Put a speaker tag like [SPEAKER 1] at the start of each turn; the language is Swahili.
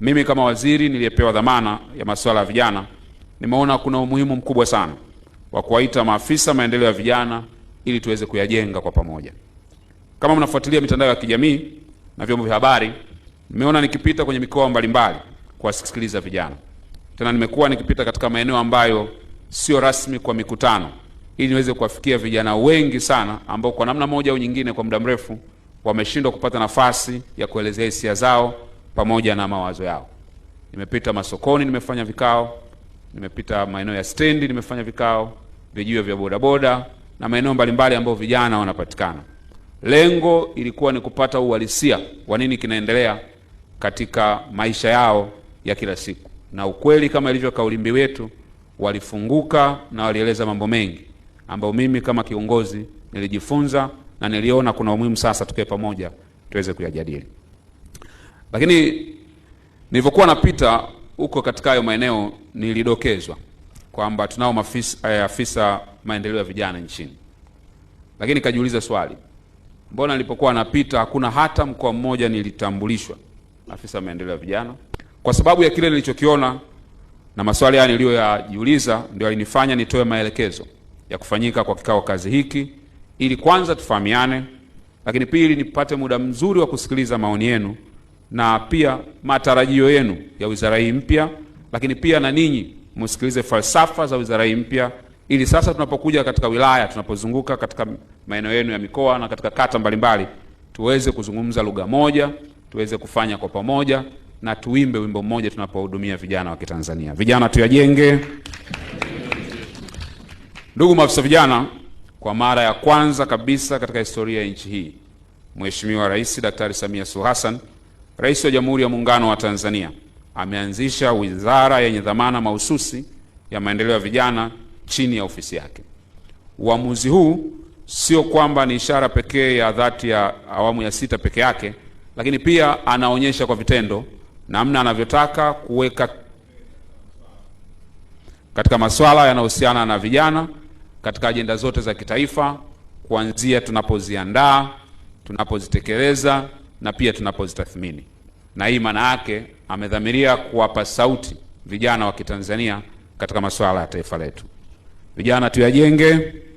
[SPEAKER 1] Mimi kama waziri niliyepewa dhamana ya masuala ya vijana, nimeona kuna umuhimu mkubwa sana wa kuwaita maafisa maendeleo ya vijana ili tuweze kuyajenga kwa pamoja. Kama mnafuatilia mitandao ya kijamii na vyombo vya habari, nimeona nikipita kwenye mikoa mbalimbali kuwasikiliza vijana. Tena nimekuwa nikipita katika maeneo ambayo sio rasmi kwa mikutano, ili niweze kuwafikia vijana wengi sana ambao kwa namna moja au nyingine, kwa muda mrefu wameshindwa kupata nafasi ya kuelezea hisia zao pamoja na mawazo yao. Nimepita masokoni, nimefanya vikao, nimepita maeneo ya stendi, nimefanya vikao, vijiwe vya bodaboda na maeneo mbalimbali ambayo vijana wanapatikana. Lengo ilikuwa ni kupata uhalisia wa nini kinaendelea katika maisha yao ya kila siku, na ukweli kama ilivyo kauli mbiu yetu, walifunguka na walieleza mambo mengi ambayo mimi kama kiongozi nilijifunza na niliona kuna umuhimu sasa tukae pamoja tuweze kuyajadili. Lakini nilivyokuwa napita huko katika hayo maeneo nilidokezwa kwamba tunao eh, afisa maendeleo ya vijana nchini, lakini nikajiuliza swali, mbona nilipokuwa napita hakuna hata mkoa mmoja nilitambulishwa afisa maendeleo ya vijana? Kwa sababu ya kile nilichokiona na maswali haya niliyoyajiuliza, ndio alinifanya nitoe maelekezo ya kufanyika kwa kikao kazi hiki, ili kwanza tufahamiane, lakini pili nipate muda mzuri wa kusikiliza maoni yenu na pia matarajio yenu ya wizara hii mpya, lakini pia na ninyi msikilize falsafa za wizara hii mpya, ili sasa tunapokuja katika wilaya, tunapozunguka katika maeneo yenu ya mikoa na katika kata mbalimbali, tuweze kuzungumza lugha moja, tuweze kufanya kwa pamoja na tuimbe wimbo mmoja tunapohudumia vijana wa Kitanzania. Vijana tuyajenge. Ndugu maafisa vijana, kwa mara ya kwanza kabisa katika historia ya nchi hii, Mheshimiwa Rais Daktari Samia Suluhu Hassan Rais wa Jamhuri ya Muungano wa Tanzania ameanzisha wizara yenye dhamana mahususi ya maendeleo ya vijana chini ya ofisi yake. Uamuzi huu sio kwamba ni ishara pekee ya dhati ya awamu ya sita peke yake, lakini pia anaonyesha kwa vitendo namna anavyotaka kuweka katika masuala yanayohusiana na vijana katika ajenda zote za kitaifa, kuanzia tunapoziandaa, tunapozitekeleza na pia tunapozitathmini. Na hii maana yake amedhamiria kuwapa sauti vijana wa Kitanzania katika masuala ya taifa letu. Vijana tuyajenge